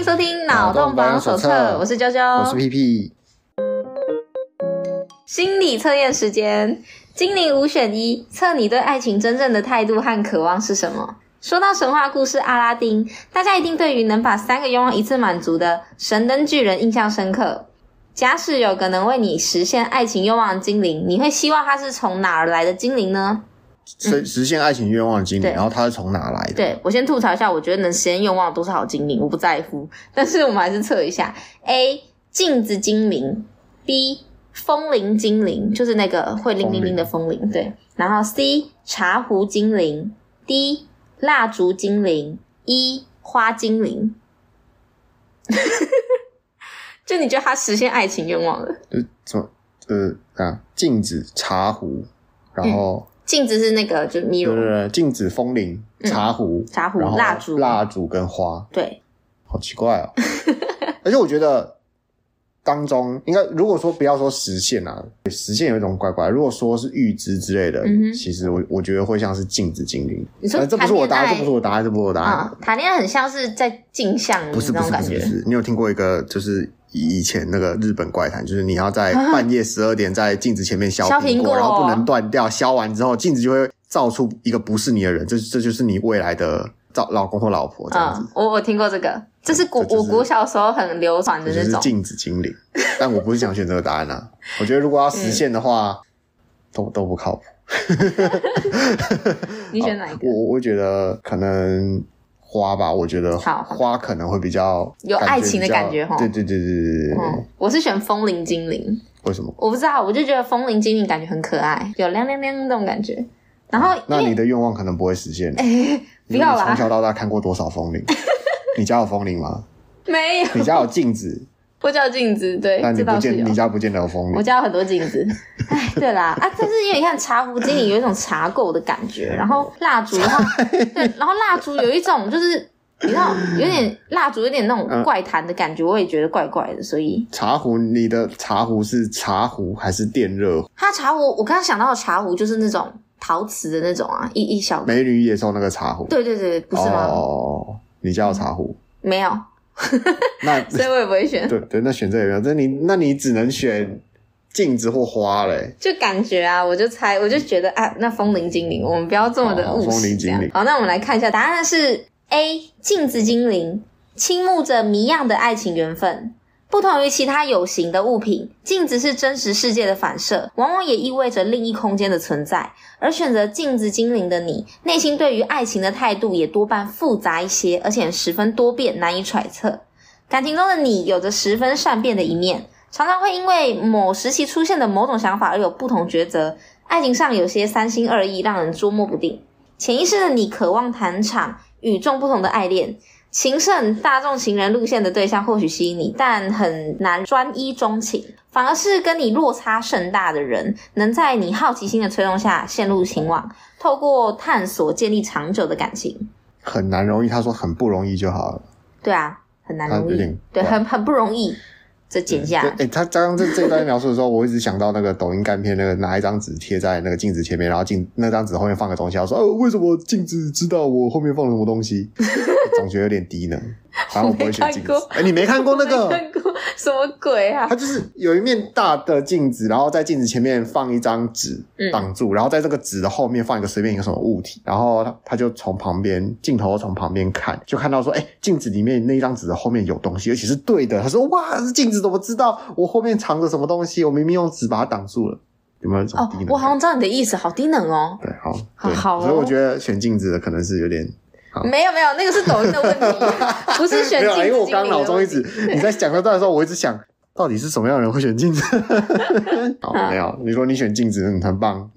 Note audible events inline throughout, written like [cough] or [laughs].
歡迎收聽,聽《腦洞幫手冊》，我是啾啾，我是屁屁。心理測驗時間，精靈五選一，測你對愛情真正的態度和渴望是什麼？說到神話故事阿拉丁，大家一定對於能把三個願望一次滿足的神燈巨人印象深刻。假使有個能為你實現愛情願望的精靈，你會希望它是從哪兒來的精靈呢？實實現愛情願望的精靈，嗯、然後它是從哪來的？對，我先吐槽一下，我覺得能實現願望的都是好精靈，我不在乎。但是我們還是測一下：A 鏡子精靈，B 風鈴精靈，就是那個會鈴鈴鈴的風鈴，對。然後 C 茶壺精靈，D 蠟燭精靈，E 花精靈。 [laughs] 就你覺得它實現愛情願望了？就、嗯、什麼呃啊，鏡子、茶壺，然後。嗯鏡子是那個，就是 mirror。鏡子、風鈴、茶壺、茶壺、蠟燭、蠟燭跟花，對，好奇怪哦。而且我覺得當中應該，如果說不要說實現啊，實現有一種怪怪。如果說是預知之類的，其實我我覺得會像是鏡子精靈。這不是我答案，這不是我答案，這不是我答案。談戀愛很像是在鏡像，不是不是不是，你有聽過一個就是？以前那個日本怪談，就是你要在半夜十二點在鏡子前面削蘋果，啊、然後不能斷掉，削完之後鏡子就會造出一個不是你的人，這這就是你未來的老公或老婆這樣子。哦、我我聽過這個，這是古我、嗯就是、古小時候很流傳的那種鏡子精靈。但我不是想選這個答案啊， [laughs] 我覺得如果要實現的話，嗯、都都不靠譜。 [laughs] 你選哪一個？我我覺得可能。花吧，我覺得花可能會比較，比較有愛情的感覺哈。較哦、對對對對對，哦、我是選風鈴精靈，為什麼？我不知道，我就覺得風鈴精靈感覺很可愛，有亮亮亮的那種感覺。然後那你的願望可能不會實現，哎，不要了，你有沒有從小到大看過多少風鈴？ [laughs] 你家有風鈴嗎？沒有。你家有鏡子？不叫鏡子，對，這倒是有，你家不見得有風，我家有很多鏡子。哎， [laughs] 對啦，啊，但是因為你看茶壺，經理有一種茶垢的感覺， [laughs] 然後蠟燭的話，才對，然後蠟燭有一種就是你知道有點蠟燭有點那種怪談的感覺，嗯、我也覺得怪怪的，所以。茶壺，你的茶壺是茶壺還是電熱壺？它茶壺，我剛剛想到的茶壺就是那種陶瓷的那種啊，一一小。美女野獸那個茶壺。對對對，不是嗎？哦，你家有茶壺、嗯？沒有。 [laughs] 那所以我也不會選。 [laughs] 對對，那選這個有沒有，那你那你只能選鏡子或花嘞。就感覺啊，我就猜，我就覺得啊，那風鈴精靈，嗯、我們不要這麼的誤、哦。風鈴精靈，好，那我們來看一下答案是 A，鏡子精靈，傾慕着謎樣的愛情緣分。不同於其他有形的物品，鏡子是真實世界的反射，往往也意味着另一空間的存在。而選擇鏡子精靈的你，內心對於愛情的態度也多半複雜一些，而且十分多變，難以揣測。感情中的你有着十分善變的一面，常常會因為某時期出現的某種想法而有不同抉擇。愛情上有些三心二意，讓人捉摸不定。潛意識的你渴望談場與眾不同的愛戀。情聖大眾情人路線的對象或許吸引你，但很難專一鍾情，反而是跟你落差甚大的人，能在你好奇心的推動下陷入情網，透過探索建立長久的感情，很難容易。他說很不容易就好了。對啊，很難容易，對，很很不容易。這剪一下。哎、嗯欸，他剛剛這這段描述的時候， [laughs] 我一直想到那個抖音乾片，那個拿一張紙貼在那個鏡子前面，然後鏡那張紙後面放個東西，我說哦、哎，為什麼鏡子知道我後面放了什麼東西、 [laughs] 欸？總覺得有點低能。反正我不會選鏡子。哎，你沒看過那個？沒看過什麼鬼啊？他就是有一面大的鏡子，然後在鏡子前面放一張紙擋住，嗯、然後在這個紙的後面放一個隨便一個什麼物體，然後他他就從旁邊鏡頭從旁邊看，就看到說，哎，鏡子裡面那一張紙的後面有東西，而且是對的。他說，哇，這鏡子怎麼知道我後面藏着什麼東西？我明明用紙把它擋住了。有沒有這種低能？哦，我好像知道你的意思，好低能哦。對，好，好。好哦。所以我覺得選鏡子的可能是有點。好沒有沒有，那個是抖音的問題， [laughs] 不是選鏡子。因為我剛腦中一直對你在講這段的時候，我一直想到底是什麼樣的人會選鏡子。 [laughs] 好，哈沒有，你說你選鏡子，很棒，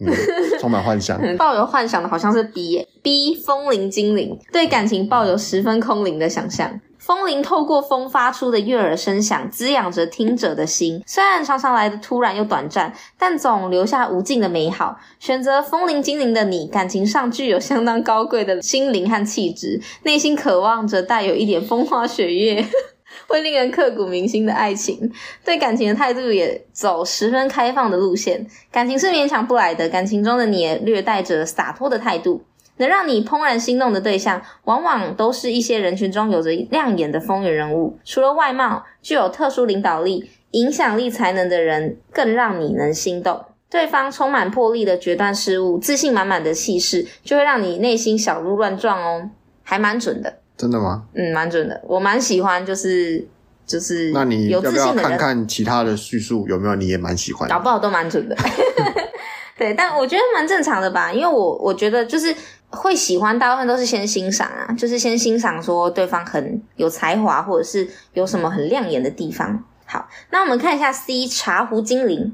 充滿幻想、 [laughs] 抱有幻想的好像是 B B 風鈴精靈，對感情抱有十分空靈的想象。風鈴透過風發出的悅耳聲響，滋養着聽者的心。雖然常常來的突然又短暫，但總留下無盡的美好。選擇風鈴精靈的你，感情上具有相當高貴的心靈和氣質，內心渴望着帶有一點風花雪月、會令人刻骨銘心的愛情。對感情的態度也走十分開放的路線，感情是勉強不來的。感情中的你也略帶着灑脫的態度。能讓你怦然心動的對象，往往都是一些人群中有着亮眼的風雲人物。除了外貌，具有特殊領導力、影響力才能的人，更讓你能心動。對方充滿魄力的決斷事物，自信滿滿的氣勢，就會讓你內心小鹿亂撞哦。還蠻準的，真的嗎？嗯，蠻準的。我蠻喜歡、就是，就是就是，有自信的人。那你要不要看看其他的敘述，有沒有你也蠻喜歡的？搞不好都蠻準的。 [laughs] 對，但我覺得蠻正常的吧，因為我我覺得就是會喜歡，大部分都是先欣賞啊，就是先欣賞說對方很有才華，或者是有什麼很亮眼的地方。好，那我們看一下 C，茶壺精靈，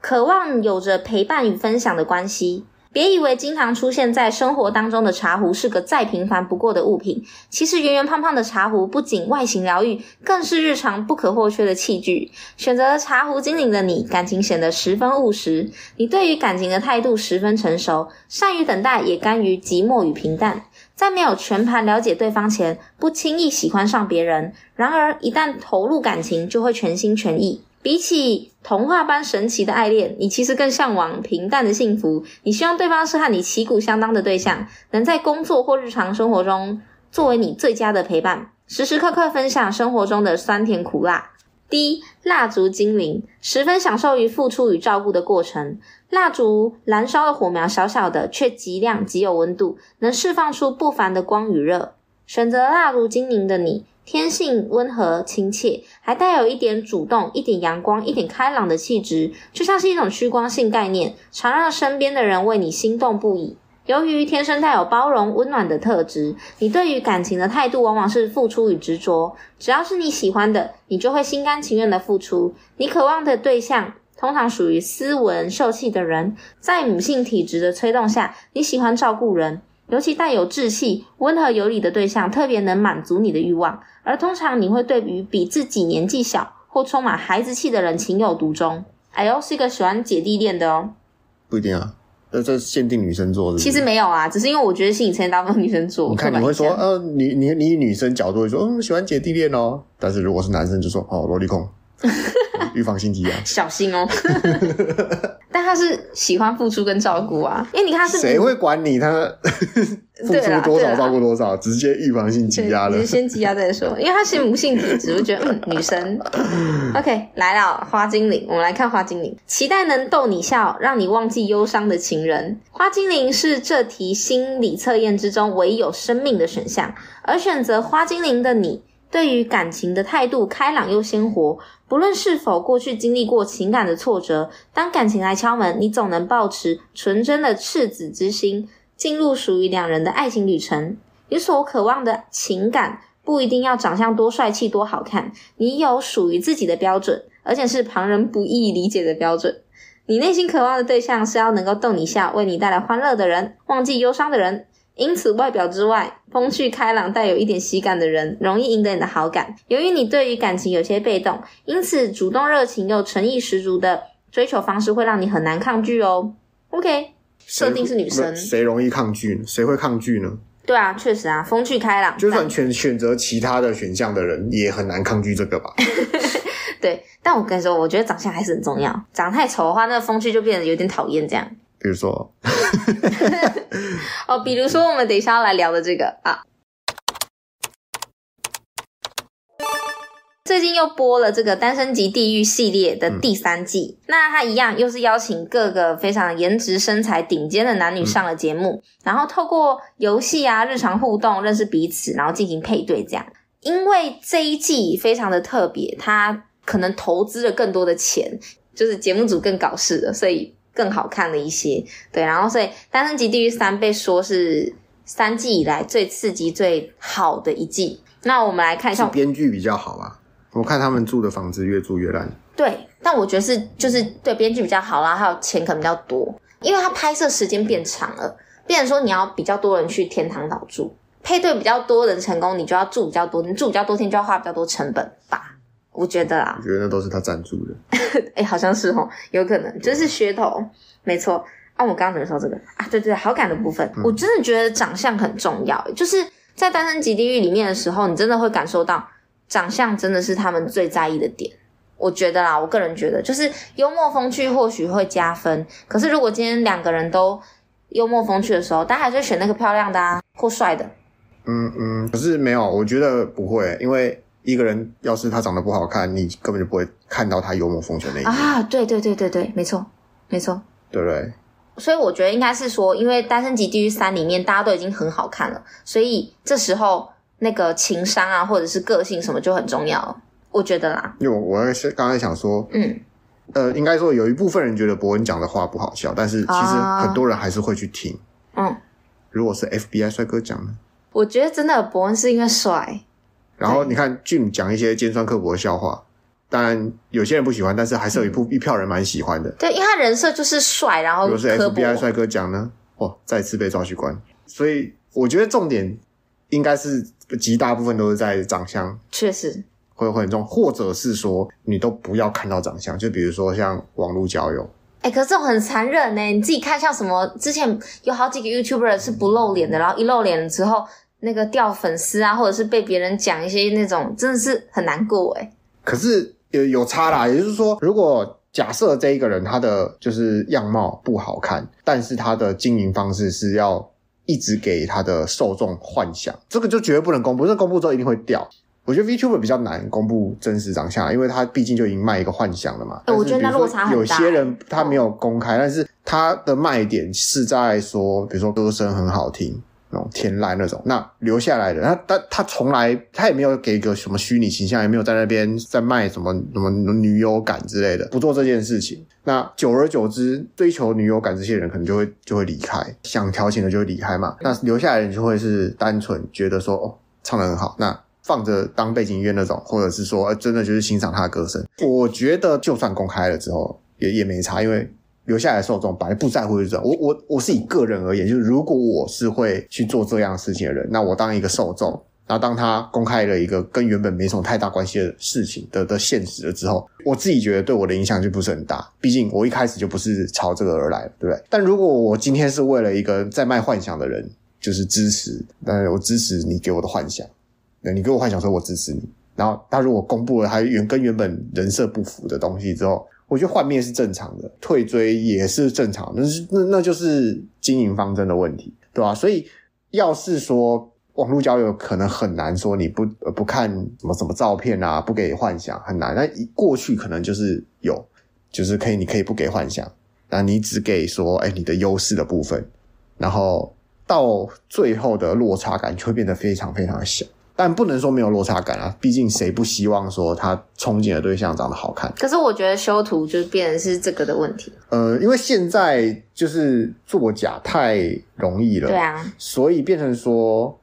渴望有着陪伴與分享的關係。別以為經常出現在生活當中的茶壺是個再平凡不過的物品，其實圓圓胖胖的茶壺不僅外形療癒，更是日常不可或缺的器具。選擇了茶壺精靈的你，感情顯得十分務實。你對於感情的態度十分成熟，善於等待，也甘於寂寞與平淡。在沒有全盤了解對方前，不輕易喜歡上別人。然而一旦投入感情，就會全心全意。比起童話般神奇的愛戀，你其實更向往平淡的幸福。你希望對方是和你旗鼓相當的對象，能在工作或日常生活中作為你最佳的陪伴，時時刻刻分享生活中的酸甜苦辣。第一，蠟燭精靈十分享受於付出與照顧的過程。蠟燭燃燒的火苗小小的，卻極亮、極有溫度，能釋放出不凡的光與熱。選擇蠟燭精靈的你，天性溫和親切，還帶有一點主動、一點陽光、一點開朗的氣質，就像是一種趨光性概念，常讓身邊的人為你心動不已。由於天生帶有包容、溫暖的特質，你對於感情的態度往往是付出與執着。只要是你喜歡的，你就會心甘情願的付出。你渴望的對象通常屬於斯文秀氣的人，在母性體質的催動下，你喜歡照顧人。尤其帶有稚氣、溫和有禮的對象，特別能滿足你的慾望。而通常你會對於比自己年紀小或充滿孩子氣的人情有獨鍾。哎呦，是一個喜歡姐弟戀的哦、喔？不一定啊，那這是限定女生做的？其實沒有啊，只是因為我覺得是你針對大部分女生做。你看，你會說，嗯、呃，你你你以女生角度會說，嗯，喜歡姐弟戀哦、喔。但是如果是男生，就說哦，蘿莉控。預 [laughs] 防性羈押，小心哦、喔。 [laughs] 但他是喜歡付出跟照顧啊，因為你看他是誰會管你？他 [laughs] 付出多少，照顧多少，直接預防性羈押了。先羈押再說，因為他是母性體質，我 [laughs] 覺得嗯，女生。OK，來了，花精靈，我們來看花精靈，期待能逗你笑，讓你忘記憂傷的情人。花精靈是這題心理測驗之中唯一有生命的選項，而選擇花精靈的你。對於感情的態度，開朗又鮮活。不論是否過去經歷過情感的挫折，當感情來敲門，你總能抱持純真的赤子之心，進入屬於兩人的愛情旅程。你所渴望的情感，不一定要長相多帥氣多好看，你有屬於自己的標準，而且是旁人不易理解的標準。你內心渴望的對象，是要能夠逗你笑、為你帶來歡樂的人，忘記憂傷的人。因此，外表之外，風趣開朗、帶有一點喜感的人，容易贏得你的好感。由於你對於感情有些被動，因此主動、熱情又誠意十足的追求方式，會讓你很難抗拒哦。OK，誰設定是女生，誰容易抗拒呢？誰會抗拒呢？對啊，確實啊，風趣開朗，就算選選擇其他的選項的人，也很難抗拒這個吧？ [laughs] 對，但我跟你說，我覺得長相還是很重要。長太醜的話，那個風趣就變得有點討厭，這樣。比如說，哦， [laughs] 比如說我們等一下要來聊的這個啊，最近又播了這個《單身即地獄》系列的第三季。嗯、那它一樣，又是邀請各個非常顏值、身材頂尖的男女上了節目，嗯、然後透過遊戲啊、日常互動認識彼此，然後進行配對。這樣，因為這一季非常的特別，他可能投資了更多的錢，就是節目組更搞事了，所以。更好看了一些，對，然後所以《單身即地獄三》被說是三季以來最刺激、最好的一季。那我們來看一下，編劇比較好吧？我看他們住的房子越住越爛。對，但我覺得是就是對編劇比較好啦，還有錢可能比較多，因為他拍攝時間變長了，變成說你要比較多人去天堂島住，配對比較多人成功，你就要住比較多，你住比較多天就要花比較多成本吧。我覺得啊，我覺得那都是他贊助的，誒、 [laughs] 欸、好像是哦，有可能就是噱頭，對沒錯。啊，我剛剛怎麼說這個啊，對，對對，好感的部分，嗯、我真的覺得長相很重要。就是在單身即地獄裡面的時候，你真的會感受到，長相真的是他們最在意的點。我覺得啦，我個人覺得，就是幽默風趣或許會加分，可是如果今天兩個人都幽默風趣的時候，大家還是選那個漂亮的啊，或帥的。嗯嗯，可是沒有，我覺得不會，因為。一個人要是他長得不好看，你根本就不會看到他幽默風趣的一面啊！對對對對對，沒錯，沒錯，對不對？所以我覺得應該是說，因為《單身即地獄三》裡面大家都已經很好看了，所以這時候那個情商啊，或者是個性什麼就很重要了，我覺得啦。因為我是剛才想說，嗯，呃，應該說有一部分人覺得伯恩講的話不好笑，但是其實很多人還是會去聽。啊、嗯，如果是 FBI 帥哥講呢？我覺得真的伯恩是因為帥。然後你看，Jim 講一些尖酸刻薄的笑話，對當然有些人不喜歡，但是還是有一部、嗯、一票人蠻喜歡的。對，因為他人設就是帥，然後。比如說 FBI 帥哥講呢，哇、哦，再次被抓去關。所以我覺得重點應該是極大部分都是在長相，確實會很重，實或者是說你都不要看到長相，就比如說像網絡交友。哎、欸，可是這種很殘忍呢、欸，你自己看像什麼？之前有好幾個 YouTuber 是不露臉的，嗯、然後一露臉之後。那個掉粉絲啊，或者是被別人講一些那種，真的是很難過哎、欸。可是有有差啦，也就是說，如果假設這一個人他的就是樣貌不好看，但是他的經營方式是要一直給他的受眾幻想，這個就絕對不能公布，這公布之後一定會掉。我覺得 VTuber 比較難公布真實長相，因為他畢竟就已經賣一個幻想了嘛。我覺得他落差很大。有些人他沒有公開，哦、但是他的賣點是在說，比如說歌聲很好聽。那種天籟那種，那留下來的，他但他，他從來他也沒有給一個什麼虛擬形象，也沒有在那邊在賣什麼什麼女友感之類的，不做這件事情。那久而久之，追求女友感這些人可能就會就會離開，想調情的就會離開嘛。那留下來的人就會是單純覺得說、哦、唱得很好，那放着當背景音樂那種，或者是說、呃、真的就是欣賞他的歌聲。我覺得就算公開了之後也也沒差，因為。留下來的受眾，本來不在乎這種。我我我是以個人而言，就是如果我是會去做這樣的事情的人，那我當一個受眾，然後當他公開了一個跟原本沒什麼太大關係的事情的的現實了之後，我自己覺得對我的影響就不是很大。畢竟我一開始就不是朝這個而來，對不對？但如果我今天是為了一個在賣幻想的人，就是支持，但是我支持你給我的幻想，那你給我幻想說我支持你，然後他如果公布了他原跟原本人設不符的東西之後。我覺得幻滅是正常的，退追也是正常的，那那就是經營方針的問題，對吧？所以要是說網絡交友，可能很難說你不不看什麼什麼照片啊，不給幻想很難。那過去可能就是有，就是可以你可以不給幻想，那你只給說誒、哎、你的優勢的部分，然後到最後的落差感就會變得非常非常的小。但不能說沒有落差感啊，畢竟誰不希望說他憧憬的對象長得好看？可是我覺得修圖就變成是這個的問題。呃，因為現在就是作假太容易了，對啊，所以變成說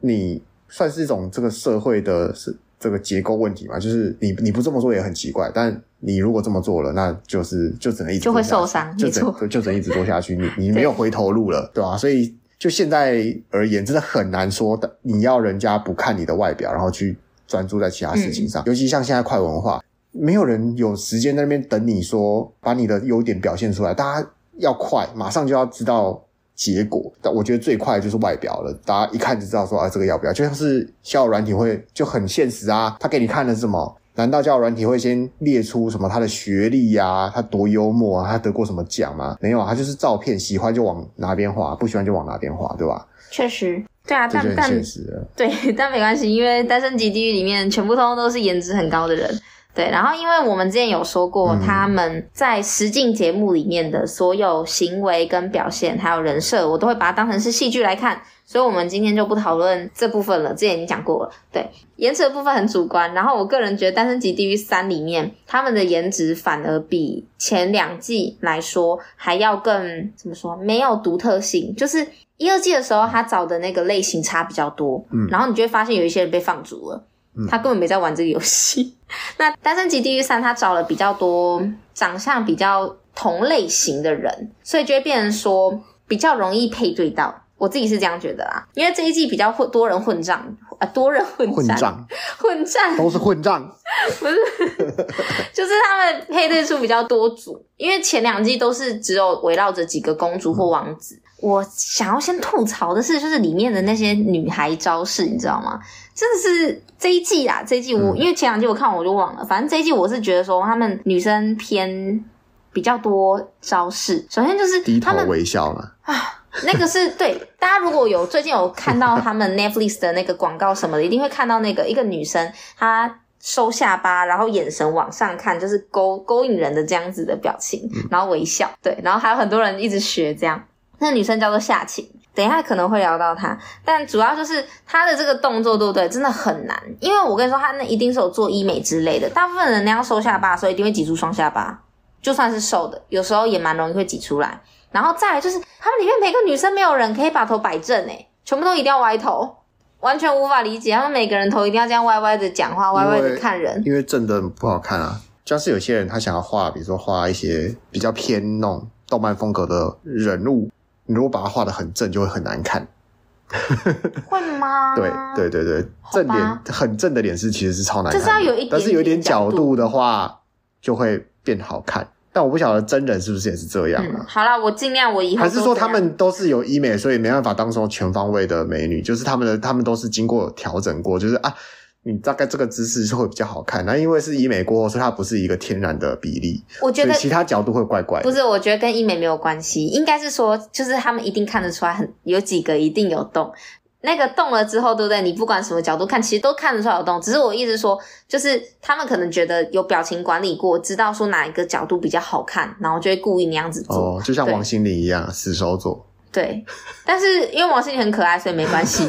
你算是一種這個社會的是這個結構問題嘛，就是你你不這麼做也很奇怪，但你如果這麼做了，那就是就只能一直會受傷，就就就只能一直做下去，你做 [laughs] 對你沒有回頭路了，對吧、啊？所以。就現在而言，真的很難說的。你要人家不看你的外表，然後去專注在其他事情上，嗯、尤其像現在快文化，沒有人有時間在那邊等你說把你的優點表現出來。大家要快，馬上就要知道結果。但我覺得最快的就是外表了，大家一看就知道說啊，這個要不要？就像是銷售軟體會就很現實啊，他給你看的是什麼？難道交友軟體會先列出什麼，他的學歷呀？啊，他多幽默啊，他得過什麼獎嗎？沒有啊，他就是照片，喜歡就往哪邊滑，不喜歡就往哪邊滑，對吧？確實，對啊，但但對，但沒關係，因為單身即地獄裡面全部通通都是顏值很高的人。對，然後因為我們之前有說過，他們在實境節目裡面的所有行為跟表現，還有人設，我都會把它當成是戲劇來看，所以我們今天就不討論這部分了。之前已經講過了，對。顏值的部分很主觀。然後我個人覺得，《單身即地獄3》裡面他們的顏值反而比前兩季來說還要更怎麼說？沒有獨特性，就是一二季的時候他找的那個類型差比較多，嗯，然後你就會發現有一些人被放逐了。嗯、他根本沒在玩這個遊戲。那《單身即地獄三》他找了比較多長相比較同類型的人，所以就會變成說比較容易配對到。我自己是這樣覺得啦，因為這一季比較多混、呃、多人混戰啊，多人混帳、混戰，混戰都是混戰，不是 [laughs] 就是他們配對出比較多組，因為前兩季都是只有圍繞着幾個公主或王子。嗯我想要先吐槽的是，就是裡面的那些女孩招式，你知道嗎？真的是這一季啊！這一季我、嗯、因為前兩季我看我就忘了，反正這一季我是覺得說他們女生偏比較多招式。首先就是他們低頭微笑嘛啊，那個是 [laughs] 對，大家如果有最近有看到他們 Netflix 的那個廣告什麼的，一定會看到那個一個女生她收下巴，然後眼神往上看，就是勾勾引人的這樣子的表情，嗯、然後微笑。對，然後還有很多人一直學這樣。那女生叫做夏晴，等一下可能會聊到她，但主要就是她的這個動作，對不對？真的很難，因為我跟你說，她那一定是有做醫美之類的。大部分人那樣瘦下巴，所以一定會擠出雙下巴，就算是瘦的，有時候也蠻容易會擠出來。然後再來就是，她們裡面每個女生沒有人可以把頭擺正誒、欸、全部都一定要歪頭，完全無法理解她們每個人頭一定要這樣歪歪的講話，因為歪歪的看人，因為正的不好看啊。像是有些人他想要畫，比如說畫一些比較偏那種動漫風格的人物。如果把它畫的很正，就會很難看，會嗎？ [laughs] 對？對對對對，吧正臉很正的臉是其實是超難看的，就是要有一點、點，但是有一點角度的話就會變好看。但我不曉得真人是不是也是這樣呢、啊嗯。好了，我盡量，我以後還是說他們都是有醫美，所以沒辦法當什麼全方位的美女，就是他們的他們都是經過調整過，就是啊。你大概這個姿勢就會比較好看，那因為是醫美過後，所以它不是一個天然的比例。我覺得其他角度會怪怪的。不是，我覺得跟醫美沒有關係，應該是說，就是他們一定看得出來很，很有幾個一定有洞。那個動了之後，對不對？你不管什麼角度看，其實都看得出來有洞。只是我意思說，就是他們可能覺得有表情管理過，知道說哪一個角度比較好看，然後就會故意那樣子做。哦，就像王心凌一樣，死手對做。對，但是因為王心凌很可愛，所以沒關係。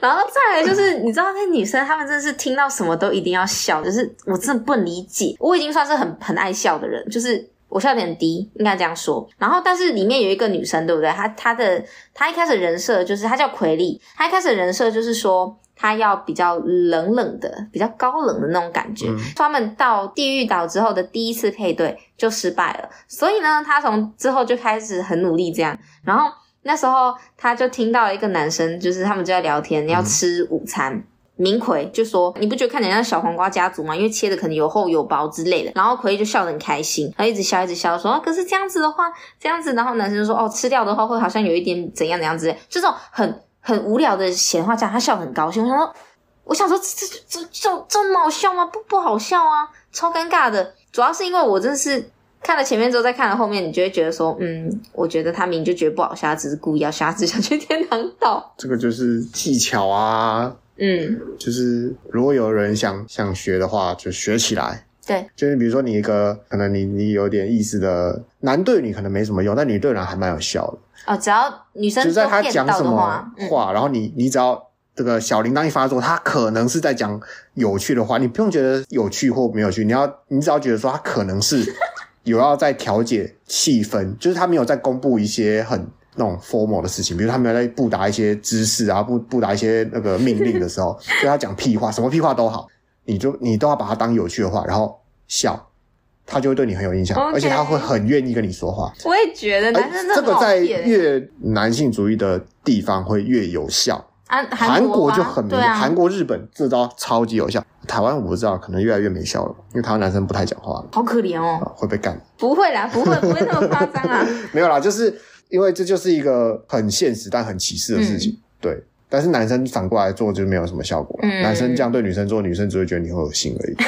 然後再來就是，你知道那女生，她們真的是聽到什麼都一定要笑，就是我真的不理解。我已經算是很很愛笑的人，就是我笑點低，應該這樣說。然後，但是裡面有一個女生，對不對？她她的她一開始人設就是她叫奎麗，她一開始人設、就是、就是說。他要比較冷冷的，比較高冷的那種感覺。嗯、他們到地獄島之後的第一次配對就失敗了，所以呢，他從之後就開始很努力這樣。然後那時候他就聽到了一個男生，就是他們就在聊天，要吃午餐。明奎、嗯、就說：“你不覺得看起來像小黃瓜家族嗎？因為切的可能有厚有薄之類的。”然後奎就笑得很開心，他一直笑一直笑說，說、啊：“可是這樣子的話，這樣子。”然後男生就說：“哦，吃掉的話會好像有一點怎樣的樣子之類的，就這種很。”很無聊的閒話講，他笑得很高興。我想說，我想說，這這這這這麼好笑嗎？不不好笑啊，超尷尬的。主要是因為，我真的是看了前面之後再看了後面，你就會覺得說，嗯，我覺得他明明就覺得不好笑，只是故意要笑，想要去天堂島。這個就是技巧啊，嗯，就是如果有人想想學的話，就學起來。對，就是比如說你一個可能你你有點意思的男對女，可能沒什麼用，但女對男還蠻有效的。哦，只要女生就在他講什麼話，然後你你只要這個小鈴鐺一發作，他可能是在講有趣的話，你不用覺得有趣或沒有趣，你要你只要覺得說他可能是有要在調節氣氛， [laughs] 就是他沒有在公布一些很那種 formal 的事情，比如他沒有在布達一些知識啊，布布達一些那個命令的時候，對他講屁話，什麼屁話都好，你就你都要把它當有趣的話，然後笑。他就會對你很有印象，Okay 而且他會很願意跟你說話。我也覺得男生這、欸、這個在越男性主義的地方會越有效，韓、啊、國、國就很明顯，韓、啊、國、日本這招超級有效。台灣我不知道，可能越來越沒效了，因為台灣男生不太講話了。好可憐哦，啊，會被幹？不會啦，不會，不會那麼誇張啦 [laughs] 沒有啦，就是因為這就是一個很現實但很歧視的事情。嗯、對，但是男生反過來做就沒有什麼效果了。嗯、男生這樣對女生做，女生只會覺得你很噁心而已。 [laughs]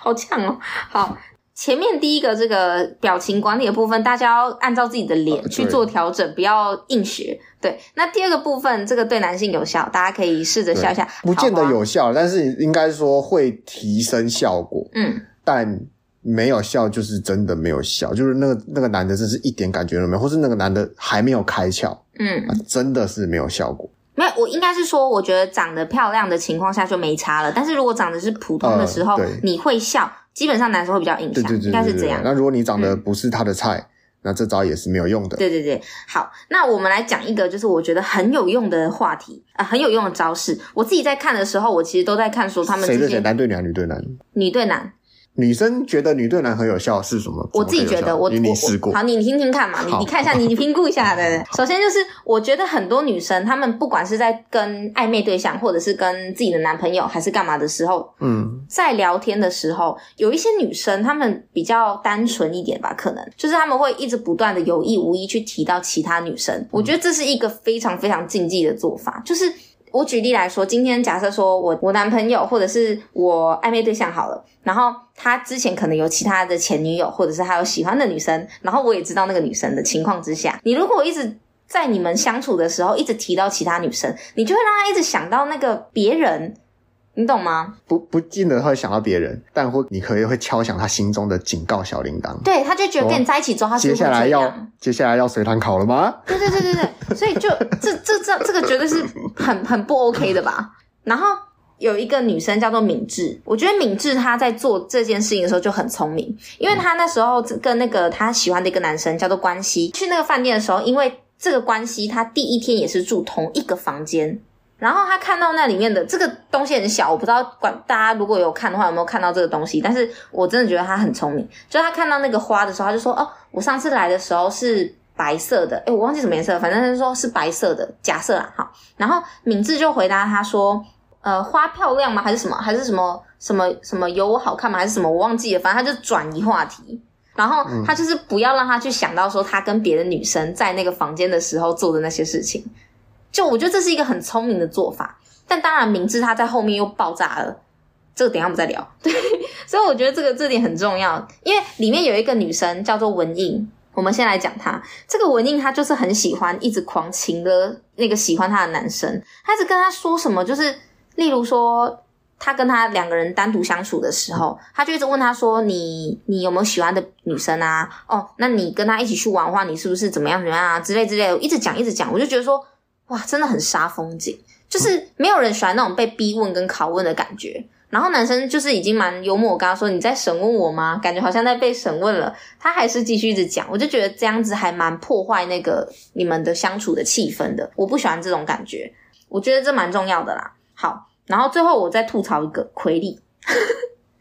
好嗆哦！好，前面第一個這個表情管理的部分，大家要按照自己的臉去做調整，呃、不要硬學。對，那第二個部分，這個對男性有效，大家可以試着笑一下。不見得有效，好不好，但是應該說會提升效果。嗯，但沒有效就是真的沒有效，就是那個那個男的真是一點感覺都沒有，或是那個男的還沒有開竅。嗯、啊，真的是沒有效果。沒有，我應該是說，我覺得長得漂亮的情況下就沒差了。但是如果長得是普通的時候，呃、你會笑，基本上男生會比較影響，應該是這樣。那如果你長得不是他的菜，嗯、那這招也是沒有用的。對對對，好，那我們來講一個就是我覺得很有用的話題啊、呃，很有用的招式。我自己在看的時候，我其實都在看說他們之間的男對女、女對男，女對男。女生覺得女對男很有效是什麼？麼，我自己覺得，我我試過。好，你聽聽看嘛，你好你看一下 [laughs] 你一下，你評估一下對不對？好首先就是，我覺得很多女生，她們不管是在跟曖昧對象，或者是跟自己的男朋友，還是幹嘛的時候，嗯，在聊天的時候，有一些女生，她們比較單純一點吧，可能就是她們會一直不斷的有意無意去提到其他女生。嗯、我覺得這是一個非常非常禁忌的做法。就是我舉例來說，今天假設說我我男朋友或者是我曖昧對象好了，然後。他之前可能有其他的前女友，或者是他有喜歡的女生，然後我也知道那個女生的情況之下，你如果一直在你們相處的時候一直提到其他女生，你就會讓他一直想到那個別人，你懂嗎？不，不見得會想到別人，但會你可以會敲響他心中的警告小鈴鐺。對，他就覺得跟你在一起之後，他接下來要接下來要隨堂考了嗎？對 [laughs] 對對對對，所以就這這這這個絕對是很很不 OK 的吧。然後。有一個女生叫做敏智，我覺得敏智她在做這件事情的時候就很聰明，因為她那時候跟那個她喜歡的一個男生叫做官熙去那個飯店的時候，因為這個官熙，他第一天也是住同一個房間，然後他看到那裡面的這個東西很小，我不知道管大家如果有看的話有沒有看到這個東西，但是我真的覺得他很聰明，就他看到那個花的時候，他就說：“哦，我上次來的時候是白色的，誒我忘記什麼顏色，反正他說是白色的，假設啦、啊，好。”然後敏智就回答他說。呃，花漂亮嗎？還是什麼？還是什麼什麼什麼？什麼有我好看嗎？還是什麼？我忘記了。反正他就轉移話題，然後他就是不要讓他去想到說他跟別的女生在那個房間的時候做的那些事情。就我覺得這是一個很聰明的做法。但當然，明知他在後面又爆炸了，這個等一下我們再聊。對，所以我覺得這個這點很重要，因為裡面有一個女生叫做文印，我們先來講她。這個文印她就是很喜歡一直狂情的那個喜歡她的男生，她一直跟他說什麼就是。例如說，他跟他兩個人單獨相處的時候，他就一直問他說：“你你有沒有喜歡的女生啊？哦，那你跟他一起去玩的話，你是不是怎麼樣怎麼樣啊？之類之類的，一直講一直講，我就覺得說，哇，真的很殺風景，就是沒有人喜歡那種被逼問跟拷問的感覺。然後男生就是已經蠻幽默，我跟他說：“你在審問我嗎？感覺好像在被審問了。”他還是繼續一直講，我就覺得這樣子還蠻破壞那個你們的相處的氣氛的。我不喜歡這種感覺，我覺得這蠻重要的啦。好。然後最後我再吐槽一個奎麗，葵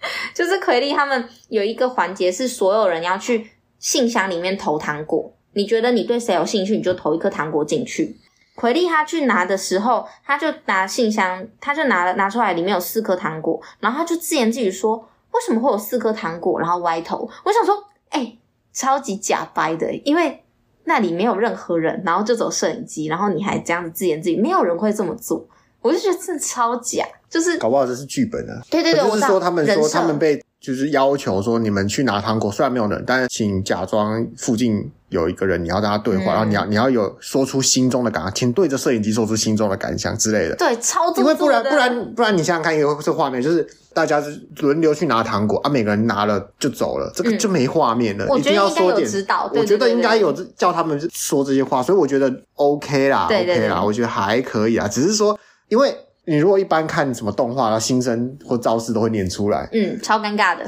[laughs] 就是奎麗他們有一個環節是所有人要去信箱裡面投糖果，你覺得你對誰有興趣，你就投一顆糖果進去。奎麗他去拿的時候，他就拿信箱，他就拿了拿出來，裡面有四顆糖果，然後他就自言自語說：“為什麼會有四顆糖果？”然後歪頭，我想說，誒、欸，超級假掰的，因為那裡沒有任何人，然後就走攝影機，然後你還這樣子自言自語，沒有人會這麼做。我就覺得這超假，就是搞不好這是劇本啊。對對，對，也不是說，他們說他們被就是要求說，你們去拿糖果，雖然沒有人，但是請假裝附近有一個人，你要跟他對話，然後你要你要有說出心中的感想，請對着攝影機說出心中的感想之類的。對，超因為不然不然不然，你想想看，一個這畫面就是大家是輪流去拿糖果啊，每個人拿了就走了，這個就沒畫面了。你一定要說點我覺得應該有指導，我覺得應該有叫他們說這些話，所以我覺得 OK 啦，OK 啦，我覺得還可以啊，只是說。因為你如果一般看什麼動畫，然心聲，或招式都會念出來，嗯，超尷尬的，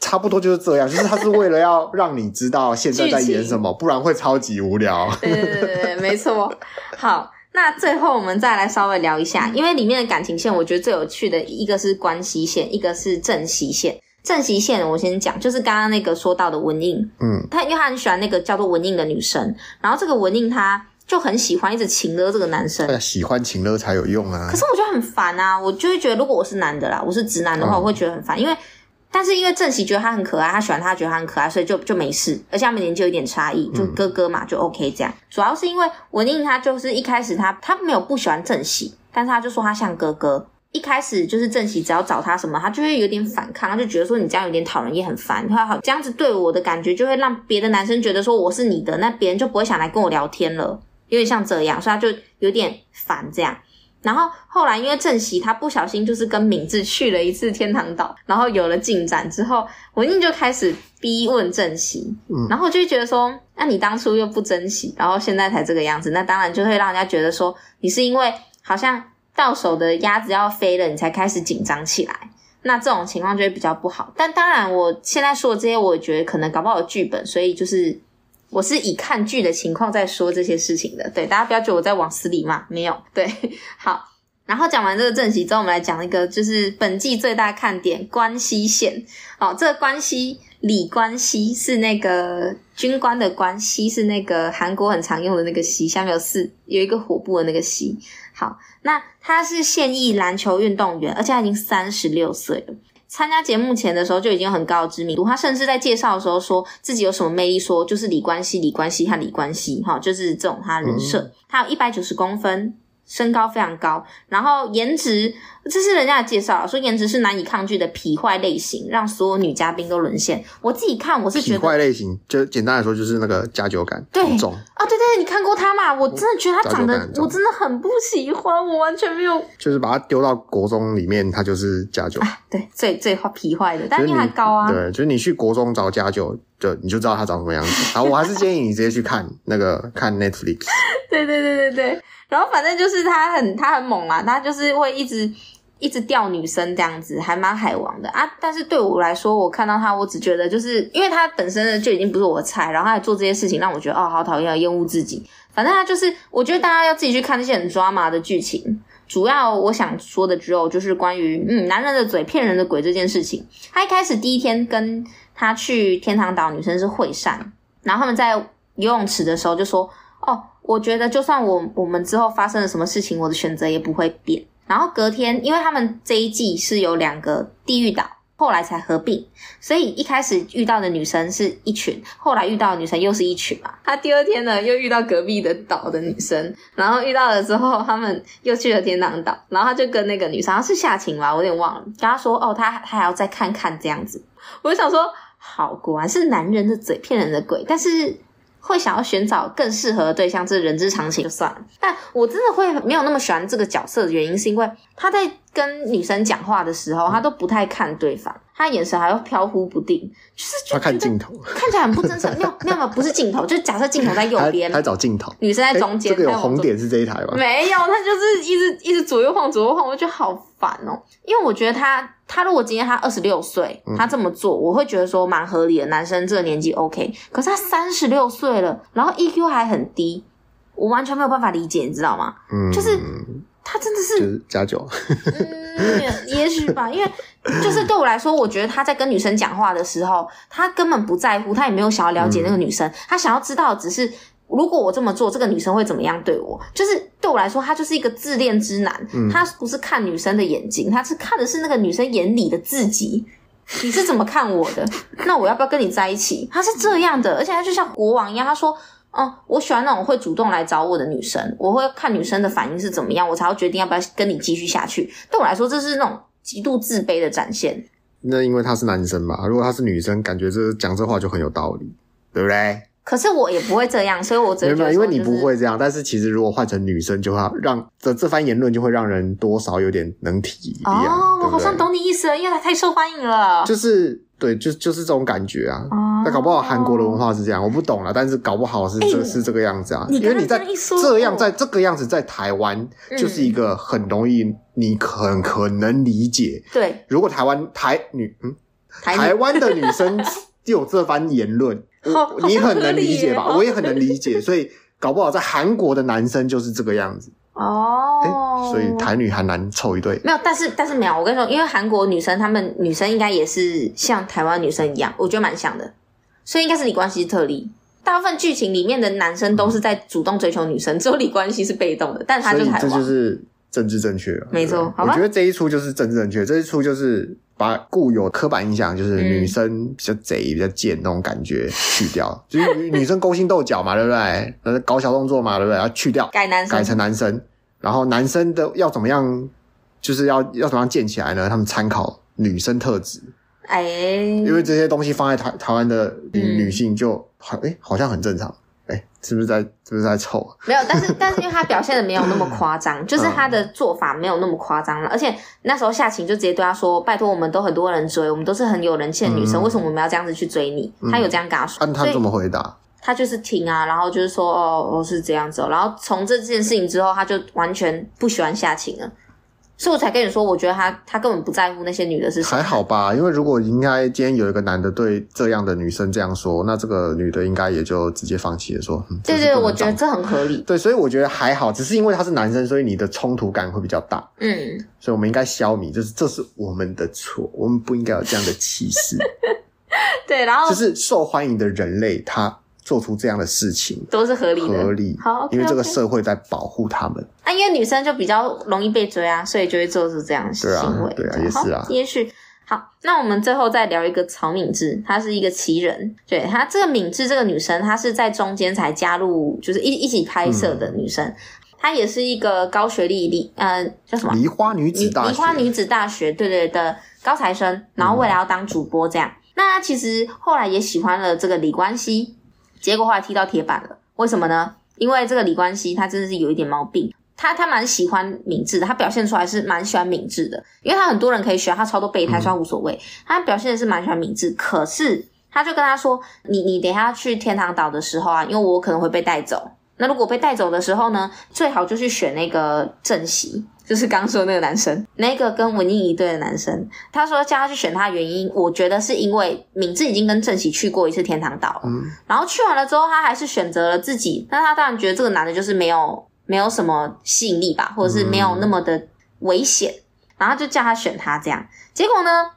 差不多就是這樣，就是他是為了要讓你知道現在在演什麼， [laughs] 情不然會超級無聊。對對，對對對，沒錯。好，那最後我們再來稍微聊一下，因為裡面的感情線，我覺得最有趣的一個是官熙線，一個是正西線。正西線我先講，就是剛剛那個說到的文印，嗯，他因為他很喜歡那個叫做文印的女生，然後這個文印他。就很喜歡一直情勒這個男生，喜歡情勒才有用啊。可是我就很煩啊，我就會覺得如果我是男的啦，我是直男的話，我會覺得很煩。哦、因為但是因為正喜覺得他很可愛，他喜歡他，他覺得他很可愛，所以就就沒事。而且他們年紀有點差異，就哥哥嘛，嗯、就 OK 這樣。主要是因為文英他就是一開始他他沒有不喜歡正喜，但是他就說他像哥哥。一開始就是正喜只要找他什麼，他就會有點反抗，他就覺得說你這樣有點討人厭，很煩。他好這樣子對我的感覺，就會讓別的男生覺得說我是你的，那別人就不會想來跟我聊天了。有點像這樣，所以他就有點煩這樣。然後後來因為正熙他不小心就是跟敏智去了一次天堂島，然後有了進展之後，文靜就開始逼問正熙，嗯、然後就覺得說，那、啊、你當初又不珍惜，然後現在才這個樣子，那當然就會讓人家覺得說你是因為好像到手的鴨子要飛了，你才開始緊張起來。那這種情況就會比較不好。但當然，我現在說的這些，我覺得可能搞不好有劇本，所以就是。我是以看劇的情況在說這些事情的，對，大家不要覺得我在往死裡罵，沒有，對，好，然後講完這個正戲之後，我們來講一個就是本季最大看點官熙線，哦，這個官熙李官熙是那個軍官的官，是那個韓國很常用的那個熙，下面有四有一個火部的那個熙，好，那他是現役籃球運動員，而且他已經三十六歲了。參加節目前的時候就已經有很高的知名度，他甚至在介紹的時候說自己有什麼魅力，說，說就是李官熙，李官熙和李官熙，哈，就是這種他人設，嗯、他有一百九十公分，身高非常高，然後顏值。這是人家的介紹說，顏值是難以抗拒的痞壞類型，讓所有女嘉賓都淪陷。我自己看，我是覺得痞壞類型，就簡單來說就是那個加酒感，對啊，重哦、對，對對，你看過他嘛？我真的覺得他長得，我，我真的很不喜歡，我完全沒有。就是把他丟到國中裡面，他就是加酒，啊，對，最最痞壞的。但是因為他高啊，對，就是你去國中找加酒，就你就知道他長什麼樣子。然後我還是建議你直接去看 [laughs] 那個看 Netflix。對，對對對對對，然後反正就是他很他很猛啊，他就是會一直。一直吊女生這樣子，還蠻海王的啊！但是對我來說，我看到他，我只覺得就是因為他本身就已經不是我的菜，然後他還做這些事情，讓我覺得哦，好討厭，厭惡自己。反正他就是，我覺得大家要自己去看那些很抓馬的劇情。主要我想說的只有就是關於嗯男人的嘴騙人的鬼這件事情。他一開始第一天跟他去天堂島，女生是會善，然後他們在游泳池的時候就說：“哦，我覺得就算我我們之後發生了什麼事情，我的選擇也不會變。”然後隔天，因為他們這一季是有兩個地獄島，後來才合併，所以一開始遇到的女生是一群，後來遇到的女生又是一群嘛。他第二天呢，又遇到隔壁的島的女生，然後遇到了之後，他們又去了天堂島，然後他就跟那個女生，好像是夏晴嘛，我有點忘了，跟他說哦他，他還要再看看這樣子。我就想說，好，果然是男人的嘴騙人的鬼，但是。會想要尋找更適合的對象，這、就是人之常情，就算了。但我真的會沒有那麼喜歡這個角色的原因，是因為他在跟女生講話的時候，嗯、他都不太看對方，他眼神還會飄忽不定，就是就他看鏡頭，看起來很不真誠。沒有沒有，不是鏡頭，就假設鏡頭在右邊，他找鏡頭，女生在中間、欸，這個有紅點是這一台吧，沒有，他就是一直一直左右晃，左右晃，我覺得好煩哦、喔。因為我覺得他。他如果今天他二十六歲，他這麼做，嗯、我會覺得說蠻合理的。男生這個年紀 O K。可是他三十六歲了，然後 EQ 還很低，我完全沒有辦法理解，你知道嗎？嗯、就是他真的是，就是加酒， [laughs] 嗯，也許吧。因為就是對我來說，我覺得他在跟女生講話的時候，他根本不在乎，他也沒有想要了解那個女生，嗯、他想要知道只是。如果我這麼做，這個女生會怎麼樣對我？就是對我來說，他就是一個自戀之男。他不是看女生的眼睛，他是看的是那個女生眼裡的自己。你、嗯、是怎麼看我的？ [laughs] 那我要不要跟你在一起？他是這樣的，而且他就像國王一樣，他說：“哦、嗯，我喜歡那種會主動來找我的女生，我會看女生的反應是怎麼樣，我才會決定要不要跟你繼續下去。”對我來說，這是那種極度自卑的展現。那因為他是男生嘛，如果他是女生，感覺這講這話就很有道理，對不對？可是我也不會這樣，所以我真的、就是、沒有，因為你不會這樣。但是其實如果換成女生，就會讓這這番言論就會讓人多少有點能體諒、啊。哦，對對我好像懂你意思了，因為他太受歡迎了。就是對，就就是這種感覺啊。哦、那搞不好韓國的文化是這樣，我不懂啦。但是搞不好是就、欸、是這個樣子啊，剛剛因為你在這樣，在這個樣子，在台灣、嗯、就是一個很容易，你很可能理解。對，如果台灣台、嗯、台女嗯，台灣的女生就有這番言論。 [laughs] 呃、你很能理解吧？我也很能理解，所以搞不好在韓國的男生就是這個樣子哦、 [laughs] 欸。所以台女韓男湊一對、哦。沒有，但是但是沒有，我跟你說，因為韓國女生他們女生應該也是像台灣女生一樣，我覺得蠻像的。所以應該是李官熙特例，大部分劇情裡面的男生都是在主動追求女生，嗯、只有李官熙是被動的，但他就台這、就是台灣。政治正確，沒錯。我覺得這一出就是政治正確，這一出就是把固有刻板印象，就是女生比較賊、比較賤那種感覺、嗯、去掉，就是女生勾心鬥角嘛， [laughs] 對不對？呃，搞小動作嘛，對不對？要去掉，改男生，改成男生。然後男生的要怎麼樣，就是要要怎麼樣建起來呢？他們參考女生特質，哎，因為這些東西放在台台灣的女性就好，哎、嗯，好像很正常。哎、欸，是不是在是不是在臭、啊？沒有，但是但是因為他表現的沒有那麼誇張， [laughs] 就是他的做法沒有那麼誇張了。嗯、而且那時候夏晴就直接對他說：“拜託，我們都很多人追，我們都是很有人氣的女生，嗯、為什麼我們要這樣子去追你？”嗯、他有這樣跟他說，按他怎麼回答？他就是挺啊，然後就是說哦，哦是這樣子，哦。然後從這件事情之後，他就完全不喜歡夏晴了。所以我才跟你說，我覺得他他根本不在乎那些女的是誰，還好吧？因為如果應該今天有一個男的對這樣的女生這樣說，那這個女的應該也就直接放棄了說。嗯、對，對對，我覺得這很合理。對，所以我覺得還好，只是因為他是男生，所以你的衝突感會比較大。嗯，所以我們應該消弭，就是這是我們的錯，我們不應該有這樣的歧視。 [laughs] 對，然後就是受歡迎的人類他。做出這樣的事情都是合理的，合理好，okay, okay 因為這個社會在保護他們。啊，因為女生就比較容易被追啊，所以就會做出這樣的行為，嗯、對啊，也是啊，也許好。那我們最後再聊一個曹敏志她是一個奇人。對她這個敏志這個女生，她是在中間才加入，就是一一起拍攝的女生。嗯、她也是一個高學歷，梨呃叫什麼？梨花女子大梨花女子大學，大學對,對對的高材生。然後未來要當主播這樣。嗯啊、那她其實後來也喜歡了這個李官熙。結果話踢到鐵板了，為什麼呢？因為這個李官熙他真的是有一點毛病，他他蠻喜歡敏智的，他表現出來是蠻喜歡敏智的，因為他很多人可以選，他超多備胎，算是無所謂。他表現的是蠻喜歡敏智，嗯、可是他就跟他說：“你你等一下去天堂島的時候啊，因為我可能會被帶走。那如果被帶走的時候呢，最好就去選那個鄭席。就是剛說的那個男生，那個跟文英一對的男生，他說叫他去選他的原因，我覺得是因為敏智已經跟正喜去過一次天堂島，嗯、然後去完了之後他還是選擇了自己，但他當然覺得這個男的就是沒有沒有什麼吸引力吧，或者是沒有那麼的危險，嗯、然後就叫他選他這樣，結果呢，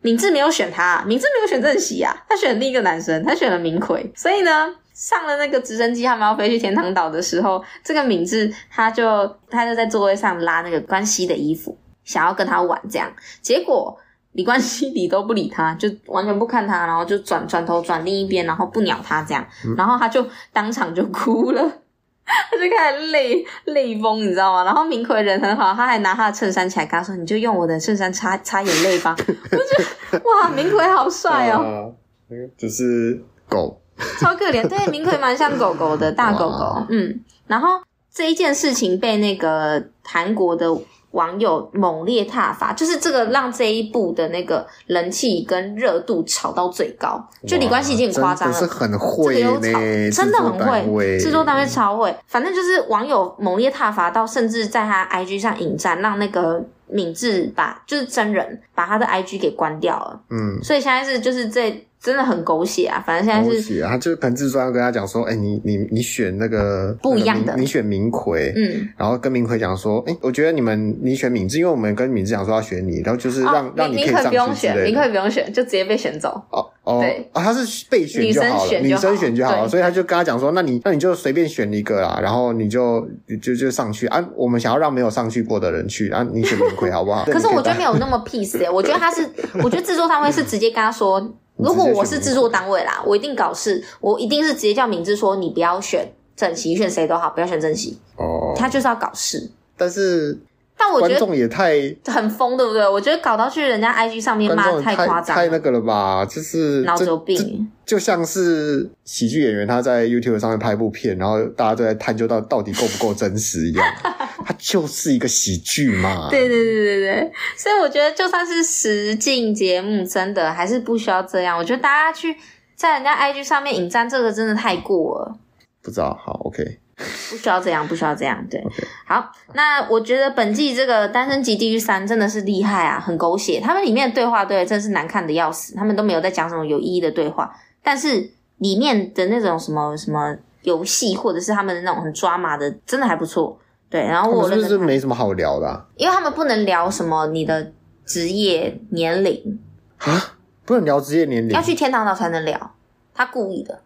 敏智沒有選他，敏智沒有選正喜啊，他選了另一個男生，他選了明奎，所以呢。上了那個直升機，他們要飛去天堂島的時候，這個敏智他就他就在座位上拉那個官熙的衣服，想要跟他玩這樣，結果李官熙理都不理他，就完全不看他，然後就轉轉頭轉另一邊，然後不鳥他這樣，然後他就當場就哭了，嗯、 [laughs] 他就開始淚淚崩，你知道嗎？然後明奎人很好，他還拿他的襯衫起來，跟他說：“你就用我的襯衫擦擦眼淚吧。 [laughs] 我就”我覺得哇，明奎好帥哦、喔啊嗯，就是狗。超可憐，對，明奎蠻像狗狗的，大狗狗，哇嗯。然後這一件事情被那個韓國的網友猛烈撻伐，就是這個讓這一部的那個人氣跟熱度炒到最高，就李官熙已經很誇張了，真的是很會呢，真的很會，製作單位超會。反正就是網友猛烈撻伐到，甚至在他 IG 上引戰，讓那個敏智把就是真人把他的 IG 給關掉了，嗯。所以現在是就是在真的很狗血啊！反正現在是，他就是跟製作要跟他講說，哎，你你你選那個不一樣的，你選明奎，嗯，然後跟明奎講說，哎，我覺得你們你選敏智，因為我們跟敏智講說要選你，然後就是讓讓你可以不用選，明奎不用選，就直接被選走。哦哦，啊，他是被選就好了，女生選就好了，所以他就跟他講說，那你那你就隨便選一個啦，然後你就就就上去啊。我們想要讓沒有上去過的人去啊，你選明奎好不好？可是我覺得沒有那麼 peace 哎，我覺得他是，我覺得製作方會是直接跟他說。如果我是製作單位啦，我一定搞事，我一定是直接叫名字說，你不要選官熙，選誰都好，不要選官熙。哦，他就是要搞事。但是，但我覺得觀眾也太很瘋，對不對？我覺得搞到去人家 IG 上面罵，太誇張，太那個了吧？就是腦子有病，就像是喜劇演員他在 YouTube 上面拍部片，然後大家都在探究到到底夠不夠真實一樣。 [laughs] 它就是一個喜劇嘛，對對對對對，所以我覺得就算是實境節目，真的還是不需要這樣。我覺得大家去在人家 IG 上面引戰，這個真的太過了。不知道，好 OK，不需要這樣，不需要這樣，對，Okay. 好。那我覺得本季這個《單身即地獄三》真的是厲害啊，很狗血。他們裡面的對話對，真的是難看得要死。他們都沒有在講什麼有意義的對話，但是裡面的那種什麼什麼遊戲，或者是他們的那種很抓馬的，真的還不錯。對，然後我就是，是沒什麼好聊的，啊，因為他們不能聊什麼你的職業年、年齡啊，不能聊職業年、年齡，要去天堂島才能聊。他故意的。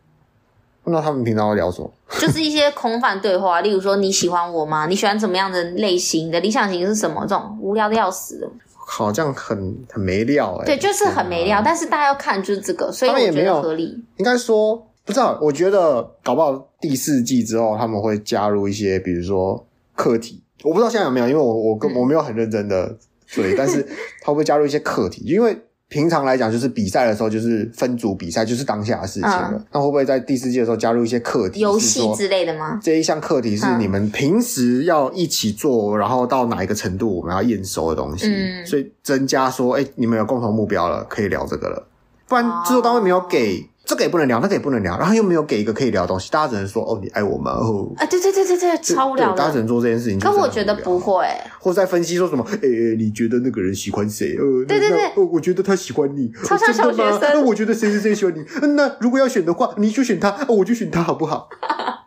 那他們平常會聊什麼？就是一些空泛對話， [laughs] 例如說，你喜歡我嗎？你喜歡怎麼樣的類型，你的理想型是什麼？這種無聊的要死。好像很很沒料哎，欸。對，就是很沒料，但是大家要看就是這個，所以我覺得他們也沒有合理。應該說不知道，我覺得搞不好第四季之後他們會加入一些，比如說。課題，我不知道現在有沒有，因為我我跟我沒有很認真的、嗯、對，但是他會不會加入一些課題？ [laughs] 因為平常來講就是比賽的時候就是分組比賽，就是當下的事情了。那、嗯、會不會在第四季的時候加入一些課題，遊戲之類的嗎？這一項課題是、嗯、你們平時要一起做，然後到哪一個程度我們要驗收的東西，嗯、所以增加說，哎、欸，你們有共同目標了，可以聊這個了。不然制作單位沒有給。這個也不能聊，那、這個也不能聊，然後又沒有給一個可以聊的東西，大家只能說哦，你愛我嗎？哦。啊，對對對對對，超無聊。大家只能做這件事情。可是我覺得不會。或是在分析說什麼？誒、欸，你覺得那個人喜歡誰？哦、呃，對對對、呃，我覺得他喜歡你。超像小學生。那我覺得誰誰誰喜歡你？嗯，那如果要選的話，你就選他，呃、我就選他，好不好？哈哈，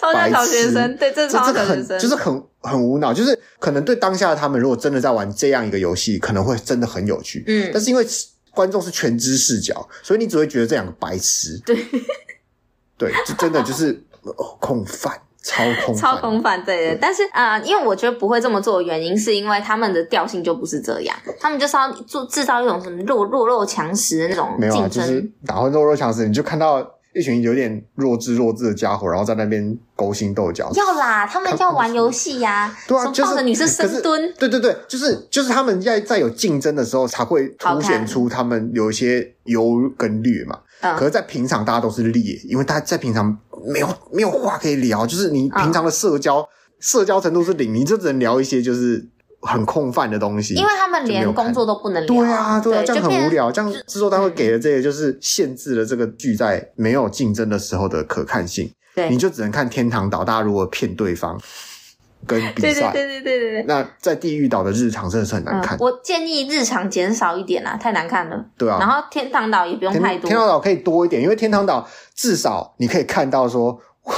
超像小學生痴對，這是超像小學生。這這很就是很很無腦，就是可能對當下的他們如果真的在玩這樣一個遊戲，可能會真的很有趣。嗯，但是因為。觀眾是全知視角，所以你只會覺得這兩個白痴。對，對，這真的就是空泛、 [laughs] 哦，超空泛。超空泛，對的。對。但是啊、呃，因為我覺得不會這麼做的原因是因為他們的調性就不是這樣，他們就是要做制造一種什麼弱弱肉強食的那種競爭。沒有、啊、就是打回弱肉強食，你就看到，一群有點弱智弱智的傢伙，然後在那邊勾心鬥角。要啦，他們要玩遊戲呀。 [laughs] 對啊，生生就是。可是，對對對，就是就是他們在在有競爭的時候才會凸顯出他們有一些優跟劣嘛。嗯。Okay. 可是，在平常大家都是劣，嗯、因為大家在平常沒有沒有話可以聊，就是你平常的社交、嗯、社交程度是零，你就只能聊一些就是。很空泛的東西，因為他們連工作都不能聊，對啊，對，啊，對這樣很無聊。變這樣制作單位給的這些，就是限制了這個劇在沒有競爭的時候的可看性。對，你就只能看天堂島，大家如何騙對方跟比賽，對對對對對對。那在地獄島的日常真的是很難看。嗯，我建議日常減少一點啦，啊，太難看了。對啊，然後天堂島也不用太多，天，天堂島可以多一點，因為天堂島至少你可以看到說，哇，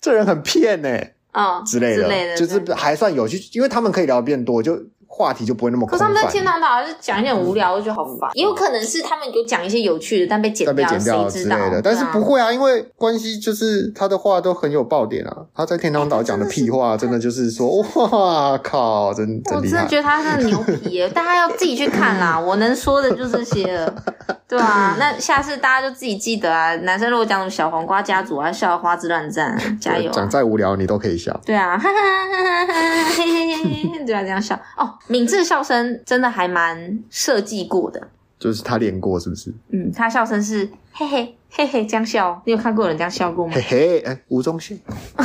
這人很騙呢，欸。啊，哦、之類的，之類的就是還算有趣，對，因為他們可以聊變多就。話題就不會那麼枯燥。可是他們在天堂島還是講一點無聊，我覺得好煩。也有可能是他們有講一些有趣的，但被剪掉、了。剪掉，但是不會啊，啊因為關係就是他的話都很有爆點啊。他在天堂島講的屁話，真的就是說，欸、是哇靠，真真厲害，我真的覺得他是牛皮耶， [laughs] 大家要自己去看啦。我能說的就這些了，對啊。那下次大家就自己記得啊。男生如果講什麼小黃瓜家族啊，笑得花枝亂戰，加油、啊！講、啊、再無聊你都可以笑。對啊，哈哈哈哈哈哈！嘿嘿嘿嘿，就要這樣笑哦。敏智笑聲真的還蠻設計過的，就是他練過，是不是？嗯，他笑聲是嘿嘿嘿嘿，這樣笑，你有看過有人這樣笑過嗎？嘿嘿，哎、欸，吳宗憲。 [laughs] [laughs]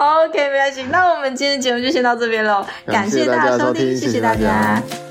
OK，沒關係。那我們今天的節目就先到這邊嘍，感謝大家收聽，謝謝大家。